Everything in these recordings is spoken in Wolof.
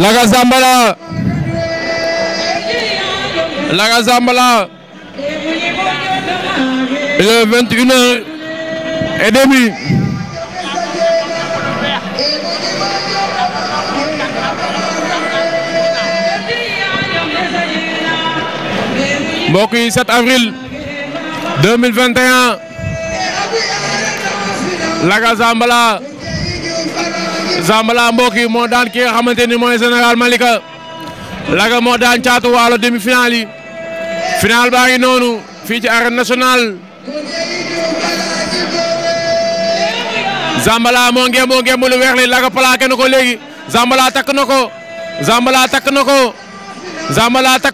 Laga Zambala Laga Zambala il est vingt une heure et demie mbokk yi avril 2021 Laga Zambala mbokk yi moo daan ki nga xamante ni mooy général Malika Laga moo daan caatu waalo demi-finale final baa noonu fii ci arène nationale moo ngeem moo ngeem Laga plaqué na ko léegi Zambala takk na ko Zambala takk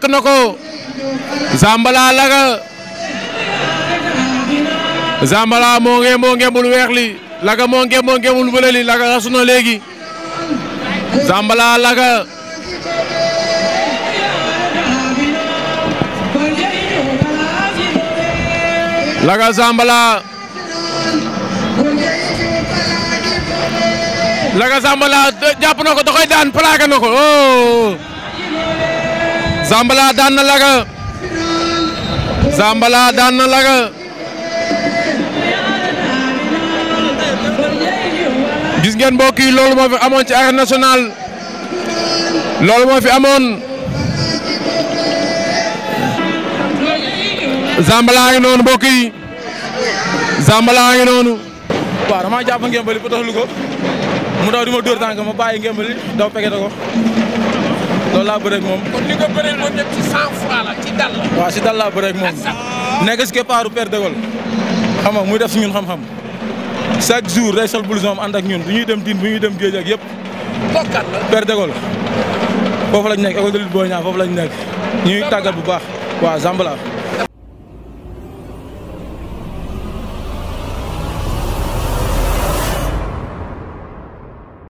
na ko Zambala Laga Zambala moo ngeem moo ngeem Laga moo ngeem moo ngeemul Laga rasu na Laga Laga Zambala Laga Zambala jàpp na ko da koy daan plaqué na ko oh daan na Laga Zambala daan na Laga gis ngeen mbokk yi loolu moo fi amoon ci arène nationale loolu moo fi amoon Zambala ngi noonu mbokk yi Zambala ngi noonu. waaw damaa jàpp ngembali ba tax ko mu daw di ma dóor tànk ma bàyyi ngembali daw pegete ko loolu laa moom. kon li nga bëreel moom ñëpp ci muy def ci ñun xam chaque jour day sol blouson am ànd ak ñun bu ñuy dem diin bu ñuy dem géej ak yëpp. kooku at foofu lañ nekk école de lutte Boy Niang foofu lañ nekk ñuy tàggat bu baax waa Zambala.